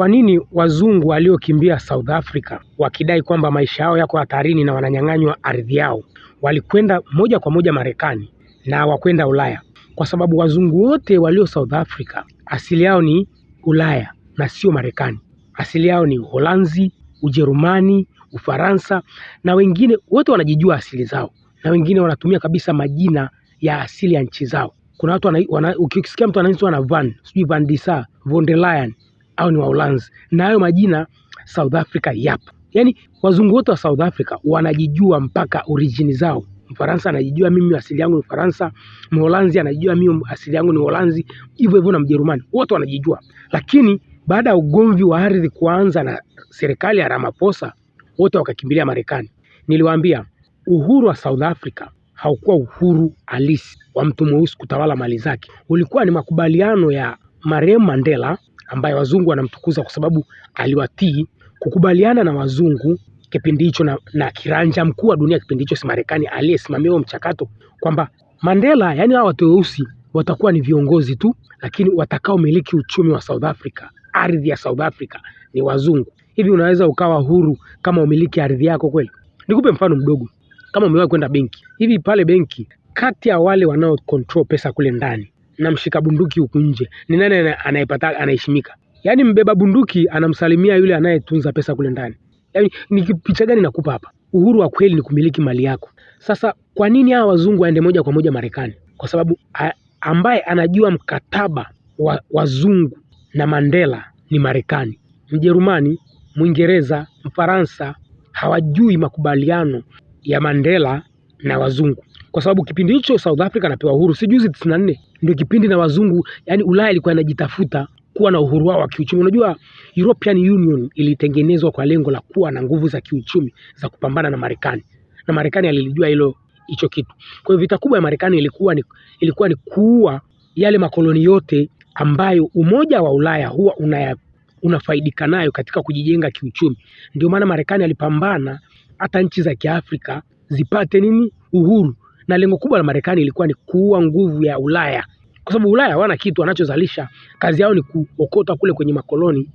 Kwa nini wazungu waliokimbia South Africa wakidai kwamba maisha yao yako hatarini na wananyang'anywa ardhi yao walikwenda moja kwa moja Marekani na wakwenda Ulaya? Kwa sababu wazungu wote walio South Africa asili yao ni Ulaya na sio Marekani. Asili yao ni Uholanzi, Ujerumani, Ufaransa na wengine wote wanajijua asili zao, na wengine wanatumia kabisa majina ya asili ya nchi zao. Kuna watu wana, ukisikia mtu anaitwa na Van sijui Van Disa Von der Leyen au ni Waulanzi, na hayo majina South Africa yapo. Yaani wazungu wote wa South Africa wanajijua mpaka orijini zao. Mfaransa anajijua mimi asili yangu ni faransa Mholanzi anajijua mimi asili yangu ni Holanzi, hivyo hivyo na Mjerumani, wote wanajijua. Lakini baada ya ugomvi wa ardhi kuanza na serikali ya Ramaphosa, wote wakakimbilia Marekani. Niliwaambia uhuru wa South Africa haukuwa uhuru halisi wa mtu mweusi kutawala mali zake, ulikuwa ni makubaliano ya marehemu Mandela ambaye wazungu wanamtukuza kwa sababu aliwatii kukubaliana na wazungu kipindi hicho na, na kiranja mkuu wa dunia kipindi hicho si Marekani aliyesimamia mchakato kwamba Mandela, yani hawa watu weusi watakuwa ni viongozi tu, lakini watakaomiliki uchumi wa South Africa, ardhi ya South Africa ni wazungu. Hivi unaweza ukawa huru kama umiliki ardhi yako kweli? Nikupe mfano mdogo, kama umewahi kwenda benki hivi, pale benki kati ya wale wanao control pesa kule ndani na mshika bunduki huku nje, ni nani anayepata anaheshimika? Yaani mbeba bunduki anamsalimia yule anayetunza pesa kule ndani. Yaani ni picha gani nakupa hapa? Uhuru wa kweli ni kumiliki mali yako. Sasa kwa nini hawa wazungu waende moja kwa moja Marekani? Kwa sababu a, ambaye anajua mkataba wa wazungu na Mandela ni Marekani. Mjerumani, Mwingereza, Mfaransa hawajui makubaliano ya Mandela na wazungu kwa sababu kipindi hicho South Africa anapewa uhuru, si juzi 94 ndio kipindi na wazungu, yani Ulaya ilikuwa inajitafuta kuwa na uhuru wao wa kiuchumi. Unajua European Union ilitengenezwa kwa lengo la kuwa na nguvu za kiuchumi za kupambana na Marekani, na Marekani alilijua hilo hicho kitu. Kwa hiyo vita kubwa ya Marekani ilikuwa ni, ilikuwa ni kuua yale makoloni yote ambayo umoja wa Ulaya huwa unaya unafaidika nayo katika kujijenga kiuchumi. Ndio maana Marekani alipambana hata nchi za Kiafrika zipate nini uhuru na lengo kubwa la Marekani ilikuwa ni kuua nguvu ya Ulaya, kwa sababu Ulaya hawana kitu wanachozalisha, kazi yao ni kuokota kule kwenye makoloni,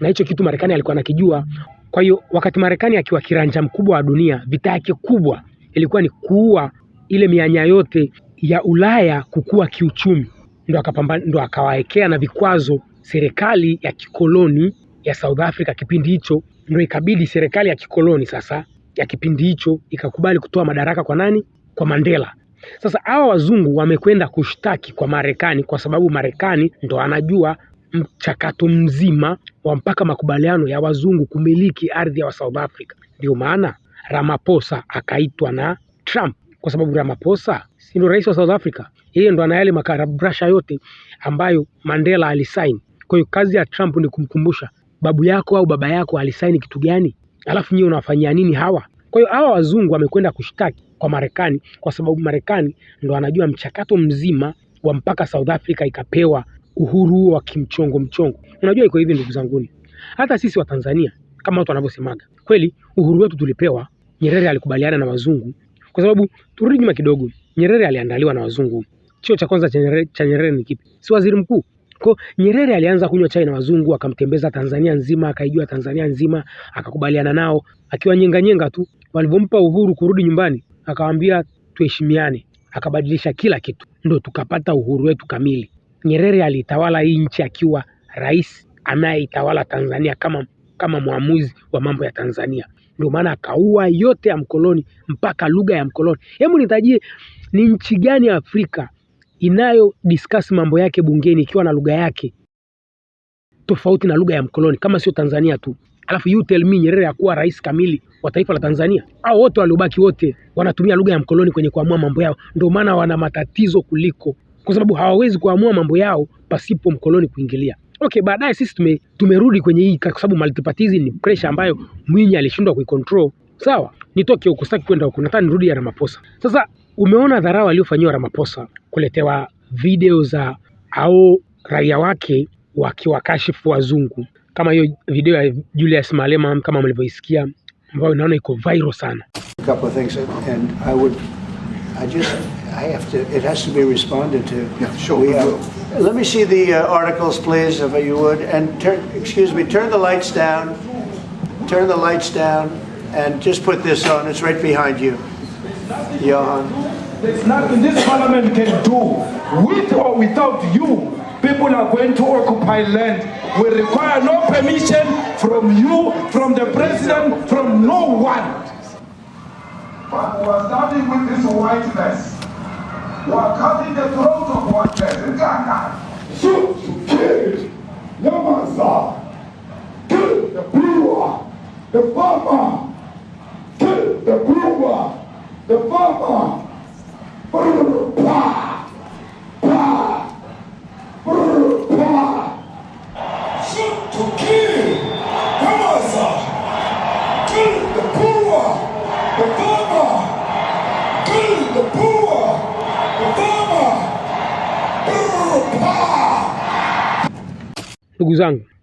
na hicho kitu Marekani alikuwa anakijua. Kwa hiyo wakati Marekani akiwa kiranja mkubwa wa dunia, vita yake kubwa ilikuwa ni kuua ile mianya yote ya Ulaya kukua kiuchumi, ndo akapambana, ndo akawaekea na vikwazo serikali ya kikoloni ya South Africa kipindi hicho, ndo ikabidi serikali ya kikoloni sasa ya kipindi hicho ikakubali kutoa madaraka kwa nani? Kwa Mandela. Sasa hawa wazungu wamekwenda kushtaki kwa Marekani kwa sababu Marekani ndo anajua mchakato mzima wa mpaka makubaliano ya wazungu kumiliki ardhi ya wa South Africa. Ndio maana Ramaphosa akaitwa na Trump kwa sababu Ramaphosa si ndo rais wa South Africa, yeye ndo ana yale yote ambayo Mandela alisaini. Kwa hiyo kazi ya Trump ni kumkumbusha babu yako au baba yako alisaini kitu gani alafu nyiwe unawafanyia nini hawa? Kwa hiyo hawa wazungu wamekwenda kushtaki kwa Marekani kwa sababu Marekani ndo anajua mchakato mzima wa mpaka South Africa ikapewa uhuru huo wa kimchongo mchongo. Unajua iko hivi ndugu zanguni, hata sisi wa Tanzania kama watu wanavyosemaga, kweli uhuru wetu tulipewa, Nyerere alikubaliana na wazungu. Kwa sababu turudi nyuma kidogo, Nyerere aliandaliwa na wazungu. Cheo cha kwanza cha Nyerere ni kipi? Si waziri mkuu. Kwa Nyerere alianza kunywa chai na wazungu, akamtembeza Tanzania nzima, akaijua Tanzania nzima, akakubaliana nao akiwa nyenga nyenga tu. Walivyompa uhuru kurudi nyumbani, akawaambia tuheshimiane, akabadilisha kila kitu, ndo tukapata uhuru wetu kamili. Nyerere alitawala hii nchi akiwa rais anayeitawala Tanzania kama kama mwamuzi wa mambo ya Tanzania. Ndio maana akaua yote ya mkoloni mpaka lugha ya mkoloni. Hebu nitajie ni nchi gani Afrika inayo discuss mambo yake bungeni ikiwa na lugha yake tofauti na lugha ya mkoloni, kama sio Tanzania tu. Alafu you tell me Nyerere hakuwa rais kamili wa taifa la Tanzania? au wote waliobaki wote wanatumia lugha ya mkoloni kwenye kuamua mambo yao, ndio maana wana matatizo kuliko, kwa sababu hawawezi kuamua mambo yao pasipo mkoloni kuingilia. Okay, baadaye sisi tume, tumerudi kwenye hii kwa sababu multipartyism ni pressure ambayo Mwinyi alishindwa kuicontrol. Sawa, nitoke huko, sitaki kwenda huko, nataka nirudi ya Ramaphosa. Sasa Umeona dharau aliyofanyiwa Ramaphosa kuletewa video za au raia wake wakiwakashifu wazungu, kama hiyo video ya Julius Malema kama mlivyoisikia, ambayo naona iko viral sana. Turn the lights down and just put this on. It's right behind you. Johan. There's nothing this parliament can do. With or without you, people are going to occupy land. We require no permission from you, from the president, from no one. But we are starting with this whiteness. We are cutting the throat of whiteness in Ghana. Shoot, kill, Yamaza, kill the brewer, the farmer, kill the brewer, the farmer.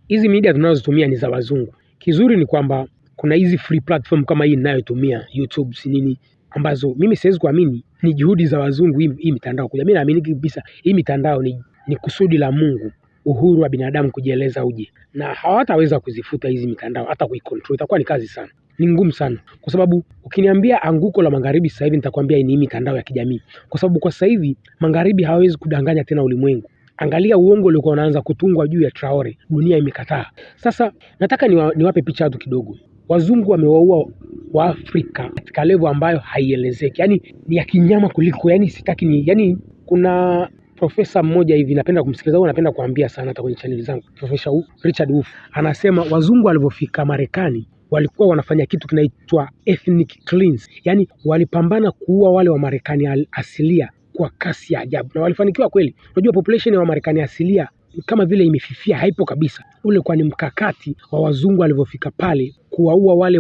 hizi media tunazotumia ni za wazungu. Kizuri ni kwamba kuna hizi free platform kama hii ninayotumia YouTube si nini, ambazo mimi siwezi kuamini ni juhudi za wazungu hii, hii mitandao kuja. Mimi naamini kabisa hii mitandao ni, ni kusudi la Mungu, uhuru wa binadamu kujieleza uje, na hawataweza kuzifuta hizi mitandao, hata kuicontrol itakuwa ni kazi sana ni ngumu sana kwa sababu ukiniambia anguko la magharibi sasa hivi nitakwambia ni mitandao ya kijamii, kwa sababu kwa sasa hivi magharibi hawawezi kudanganya tena ulimwengu. Angalia uongo uliokuwa unaanza kutungwa juu ya Traore, dunia imekataa. Sasa nataka niwa, niwape picha watu kidogo. Wazungu wamewaua Waafrika katika levo ambayo haielezeki, yani ni ya kinyama kuliko, yani sitaki ni, yani, kuna profesa mmoja hivi napenda kumsikiliza, huwa napenda kuambia sana hata kwenye chaneli zangu, Profesa Richard Wolf anasema wazungu walivyofika Marekani walikuwa wanafanya kitu kinaitwa ethnic cleanse, yani walipambana kuua wale wa Marekani asilia kwa kasi ya ajabu na walifanikiwa kweli. Unajua population ya Wamarekani asilia kama vile imefifia, haipo kabisa. Ule kwa ni mkakati wa wazungu walivyofika pale kuwaua wale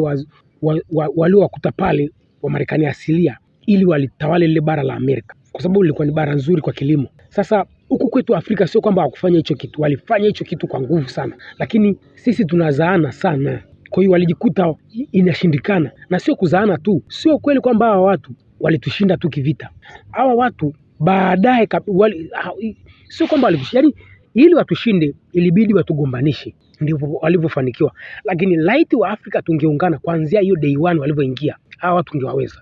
waliowakuta pale Wamarekani asilia ili walitawale lile bara la Amerika, kwa sababu lilikuwa ni bara nzuri kwa kilimo. Sasa huku kwetu Afrika sio kwamba hawakufanya hicho kitu, walifanya hicho kitu kwa nguvu sana, lakini sisi tunazaana sana. Kwa hiyo walijikuta inashindikana, na sio kuzaana tu, sio kweli kwamba hawa watu walitushinda tu kivita. Hawa watu baadaye sio kwamba walitushinda, yani ili watushinde ilibidi watugombanishe, ndivyo walivyofanikiwa. Lakini laiti wa Afrika tungeungana kuanzia hiyo day one walivyoingia hawa watu tungewaweza.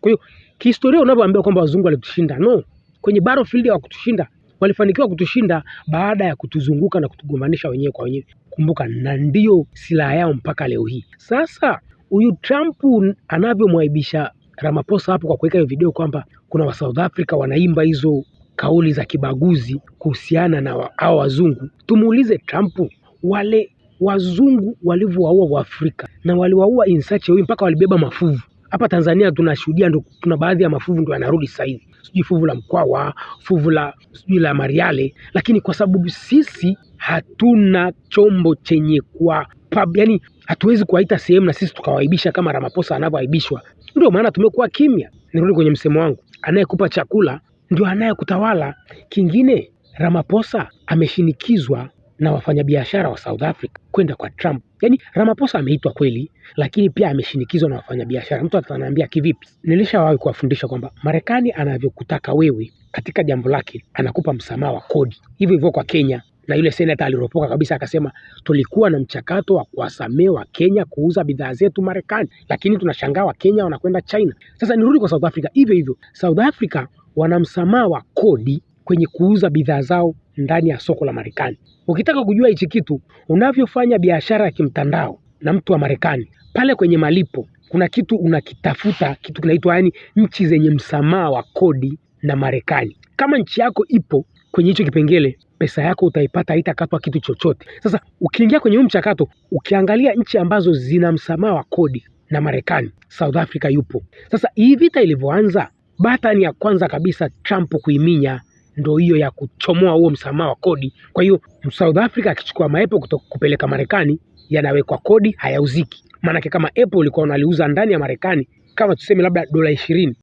Kwa hiyo kihistoria, unavyoambiwa kwamba wazungu walitushinda, no, kwenye battlefield kutushinda walifanikiwa kutushinda baada ya kutuzunguka na kutugombanisha wenyewe kwa wenyewe. Kumbuka, na ndio silaha yao mpaka leo hii. Sasa huyu Trump anavyomwaibisha Ramaphosa hapo kwa kuweka hiyo video kwamba kuna wa South Africa wanaimba hizo kauli za kibaguzi kuhusiana na hao wazungu. Tumuulize Trump wale wazungu walivyowaua Waafrika na waliwaua in such a way mpaka walibeba mafuvu. Hapa Tanzania tunashuhudia ndo, kuna baadhi ya mafuvu ndo yanarudi sasa hivi, sijui fuvu la Mkwawa, fuvu la sijui la Mariale, lakini kwa sababu sisi hatuna chombo chenye kwa pub, yani hatuwezi kuwaita sehemu na sisi tukawaibisha kama Ramaphosa anavyoaibishwa. Ndio maana tumekuwa kimya. Nirudi kwenye msemo wangu, anayekupa chakula ndio anayekutawala. Kingine, Ramaphosa ameshinikizwa na wafanyabiashara wa South Africa kwenda kwa Trump. Yaani Ramaphosa ameitwa kweli, lakini pia ameshinikizwa na wafanyabiashara. Mtu ataniambia kivipi? Nilishawahi kuwafundisha kwamba Marekani anavyokutaka wewe katika jambo lake, anakupa msamaha wa kodi. Hivyo hivyo kwa Kenya, na yule senator aliropoka kabisa, akasema tulikuwa na mchakato wa kuwasamehe kenya kuuza bidhaa zetu Marekani, lakini tunashangaa Wakenya wanakwenda China. Sasa nirudi kwa South Africa, hivyo hivyo South Africa wana msamaha wa kodi kwenye kuuza bidhaa zao ndani ya soko la Marekani. Ukitaka kujua hichi kitu, unavyofanya biashara ya kimtandao na mtu wa Marekani, pale kwenye malipo kuna kitu unakitafuta, kitu kinaitwa yani, nchi zenye msamaha wa kodi na Marekani. Kama nchi yako ipo kwenye hicho kipengele pesa yako utaipata, haitakatwa kitu chochote. Sasa ukiingia kwenye huu mchakato, ukiangalia nchi ambazo zina msamaha wa kodi na Marekani, South Africa yupo. Sasa hii vita ilivyoanza, batani ya kwanza kabisa Trump kuiminya ndo hiyo ya kuchomoa huo msamaha wa kodi. Kwa hiyo South Africa akichukua maepo kutoka kupeleka Marekani, yanawekwa kodi, hayauziki. Maanake kama apple ulikuwa unaliuza ndani ya Marekani kama tuseme labda dola ishirini,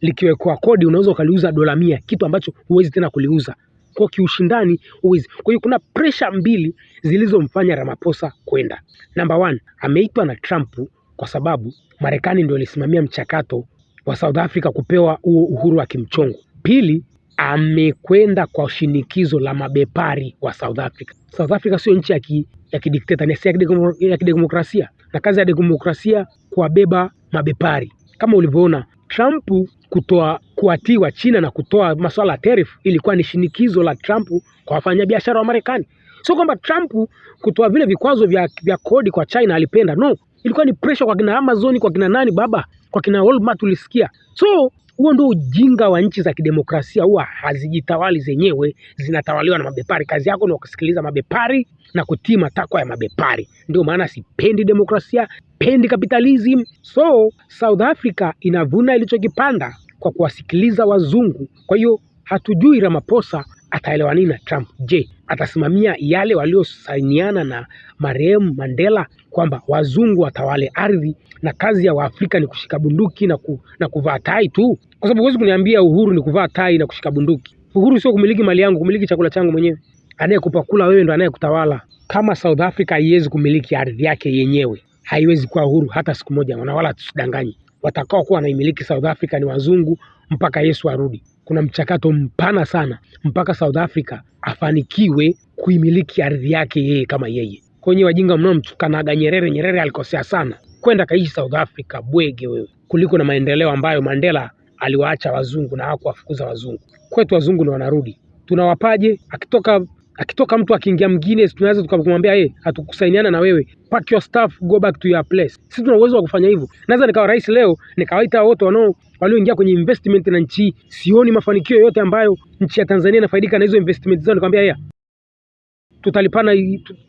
likiwekwa kodi unaweza ukaliuza dola mia, kitu ambacho huwezi tena kuliuza kwa kiushindani, huwezi. Kwa hiyo kuna presha mbili zilizomfanya Ramaphosa kwenda. Namba one, ameitwa na Trump kwa sababu Marekani ndio ilisimamia mchakato wa South Africa kupewa huo uhuru wa kimchongo. Pili, amekwenda kwa shinikizo la mabepari wa South Africa. South Africa sio nchi ya ki, ya kidikteta, ni ya kidemokrasia, na kazi ya demokrasia kuwabeba mabepari kama ulivyoona Trump kutoa kuatiwa China na kutoa masuala ya tarifu ilikuwa ni shinikizo la Trump kwa wafanyabiashara wa Marekani. Sio kwamba Trump kutoa vile vikwazo vya, vya kodi kwa China alipenda, no, ilikuwa ni pressure kwa kina Amazon, kwa kina nani baba, kwa kina Walmart, ulisikia. so huo ndio ujinga wa nchi za kidemokrasia, huwa hazijitawali zenyewe, zinatawaliwa na mabepari. Kazi yako ni kusikiliza mabepari na kutii matakwa ya mabepari. Ndio maana sipendi demokrasia, pendi kapitalism So South Africa inavuna ilichokipanda kwa kuwasikiliza wazungu. Kwa hiyo hatujui Ramaphosa ataelewa nini na Trump. Je, atasimamia yale waliosainiana na marehemu Mandela kwamba wazungu watawale ardhi na kazi ya Waafrika ni kushika bunduki na, ku, na kuvaa tai tu, kwa sababu huwezi kuniambia uhuru ni kuvaa tai na kushika bunduki. Uhuru sio kumiliki mali yangu, kumiliki chakula changu mwenyewe. Anayekupa kula wewe ndo anayekutawala. Kama South Africa haiwezi kumiliki ardhi yake yenyewe, haiwezi kuwa uhuru hata siku moja, na wala tusidanganye, watakao kuwa wanaimiliki South Africa ni wazungu mpaka Yesu arudi kuna mchakato mpana sana mpaka South Africa afanikiwe kuimiliki ardhi yake yeye kama yeye. Kwenye wajinga mtukanaga Nyerere, Nyerere alikosea sana kwenda kaishi South Africa bwege wewe, kuliko na maendeleo ambayo Mandela aliwaacha wazungu na hakuwafukuza wazungu. Kwetu wazungu ndio wanarudi, tunawapaje? Akitoka akitoka mtu akiingia mwingine, tunaweza tukamwambia hey, hatukusainiana na wewe, pack your stuff, go back to your place. Sisi tuna uwezo wa kufanya hivyo. Naweza nikawa rais leo nikawaita wote wanao walioingia kwenye investment na nchi hii, sioni mafanikio yoyote ambayo nchi ya Tanzania inafaidika na hizo investment zao. Nikwambia yeye tutalipana,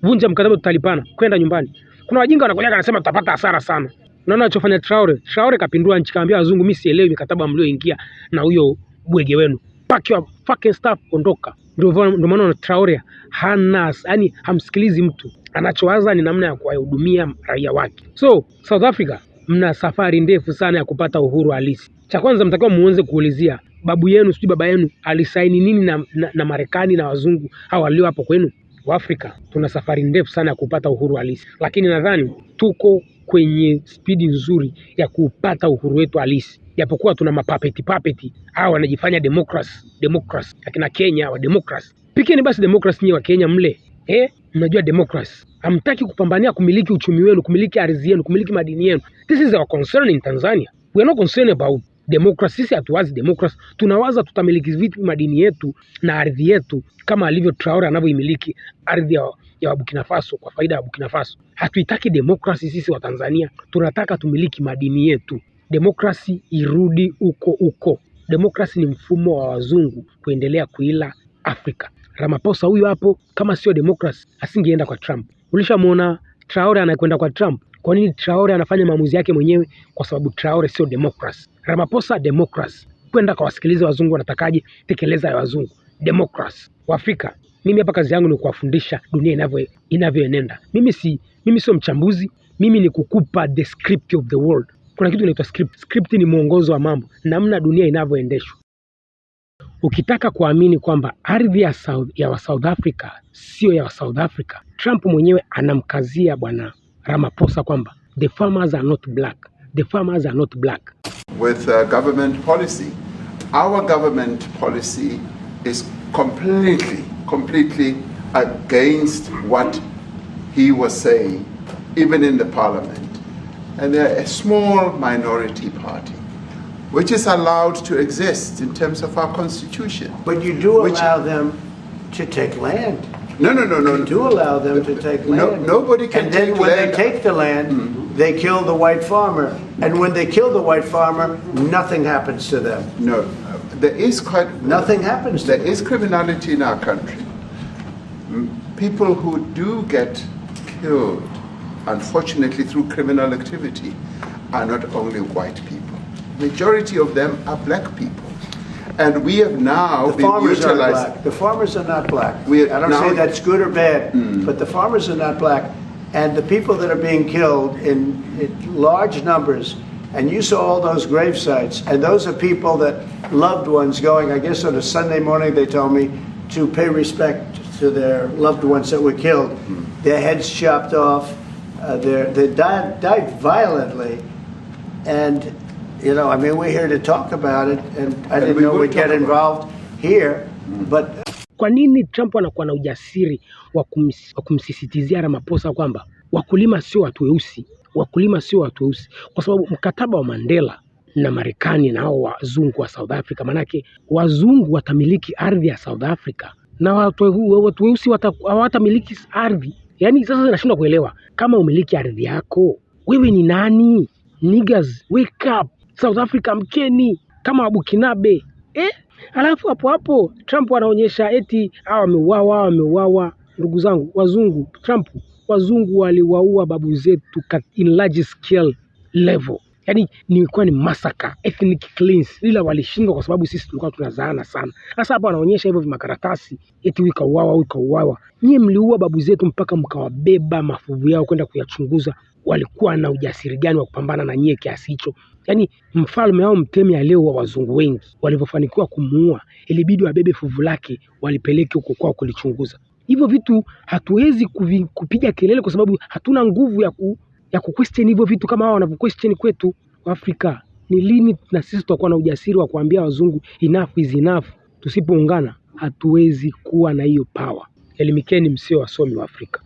vunja mkataba, tutalipana, kwenda nyumbani. Kuna wajinga wanakuja wanasema tutapata hasara sana. Unaona anachofanya Traore. Traore kapindua nchi, kaambia wazungu, mimi sielewi mikataba mlioingia na huyo bwege wenu, pack your fucking stuff, ondoka. Ndio maana Traore hana yani, hamsikilizi mtu, anachowaza ni namna ya kuwahudumia raia wake. So South Africa mna safari ndefu sana ya kupata uhuru halisi. Cha kwanza mtakiwa muanze kuulizia babu yenu sijui baba yenu alisaini nini na, na, na Marekani na wazungu hao walio hapo kwenu. Waafrika tuna safari ndefu sana ya kupata uhuru halisi, lakini nadhani tuko kwenye spidi nzuri ya kupata uhuru wetu halisi, japokuwa tuna mapapeti papeti hao wanajifanya democracy democracy, akina Kenya wa democracy. Pikeni basi democracy nyewe wa Kenya mle eh, mnajua democracy hamtaki kupambania kumiliki uchumi wenu, kumiliki ardhi yenu, kumiliki madini yenu. This is our concern in Tanzania. We are not concerned about democracy. Sisi hatuwazi demokrasi, tunawaza tutamiliki vipi madini yetu na ardhi yetu kama alivyo Traore anavyoimiliki ardhi ya ya Burkina Faso kwa faida ya Burkina Faso. Hatuitaki demokrasi sisi wa Tanzania, tunataka tumiliki madini yetu. Demokrasi irudi uko uko. Demokrasi ni mfumo wa wazungu kuendelea kuila Afrika. Ramaphosa huyu hapo, kama sio demokrasi asingeenda kwa Trump. Ulishamwona Traore anakwenda kwa Trump, kwa nini Traore anafanya maamuzi yake mwenyewe? Kwa sababu Traore sio democracy. Ramaphosa democracy, kwenda kawasikiliza wazungu wanatakaje, tekeleza ya wazungu democracy. Waafrika, mimi hapa kazi yangu ni kuwafundisha dunia inavyo inavyoenenda. Mimi si mimi sio mchambuzi, mimi ni kukupa the script of the world. Kuna kitu kinaitwa script. Script ni mwongozo wa mambo, namna dunia inavyoendeshwa. Ukitaka kuamini kwamba ardhi ya South, ya wa South Africa sio ya wa South Africa, Trump mwenyewe anamkazia bwana Ramaphosa kwamba the farmers are not black, the farmers are not black. With uh, government policy, our government policy is completely, completely against what he was saying, even in the parliament. And they're a small minority party, which is allowed to exist in terms of our constitution. But you do allow which, them to take land. No, no, no, no. Do allow them to take No- land. nobody can take And then when land. they take the land, mm-hmm. they kill the white farmer. And when they kill the white farmer, nothing happens to them. No, uh, there is quite Nothing happens to There them. is criminality in our country. People who do get killed, unfortunately through criminal activity, are not only white people. Majority of them are black people. And we have now the been farmers are black. The farmers are not black. We- I don't now- say that's good or bad, hmm. but the farmers are not black, and the people that are being killed in, in large numbers. And you saw all those grave sites, and those are people that loved ones going. I guess on a Sunday morning they told me to pay respect to their loved ones that were killed, hmm. their heads chopped off, uh, their, they died, died violently. And you know, I mean, we're here to talk about it and I didn't and we know we'd get involved here, but uh, kwa nini Trump anakuwa na ujasiri wa kumis, kumsisitizia Ramaphosa kwamba wakulima sio watu weusi, wakulima sio watu weusi, kwa sababu mkataba wa Mandela na Marekani na hao wazungu wa South Africa, manake wazungu watamiliki ardhi ya South Africa na watu weusi hawatamiliki ardhi. Yaani sasa zinashindwa kuelewa, kama umiliki ardhi yako wewe ni nani? Niggas wake up! South Africa mkeni kama Wabukinabe eh? Alafu hapo hapo Trump anaonyesha eti hawa wameuawa, hawa wameuawa. Ndugu zangu wazungu, Trump wazungu waliwaua babu zetu in large scale level, yaani nilikuwa ni massacre, ethnic cleanse, ila walishindwa kwa sababu sisi tulikuwa tunazaana sana. Sasa hapa wanaonyesha hivyo vimakaratasi eti wikauawa wikauawa. kauawa. Nyie mliua babu zetu mpaka mkawabeba mafuvu yao kwenda kuyachunguza walikuwa na ujasiri gani wa kupambana na nyie kiasi hicho? Yaani mfalme au mtemi aleo wa wazungu wengi walivyofanikiwa kumuua, ilibidi wabebe fuvu lake walipeleke huko kwao kulichunguza. Hivyo vitu hatuwezi kupiga kelele kwa sababu hatuna nguvu ya, ku, ya question hivyo vitu kama hao wanavyo question kwetu. Afrika, ni lini na sisi tutakuwa na ujasiri wa kuambia wazungu enough is enough? Tusipoungana hatuwezi kuwa na hiyo power. Elimikeni msio wasomi wa Afrika.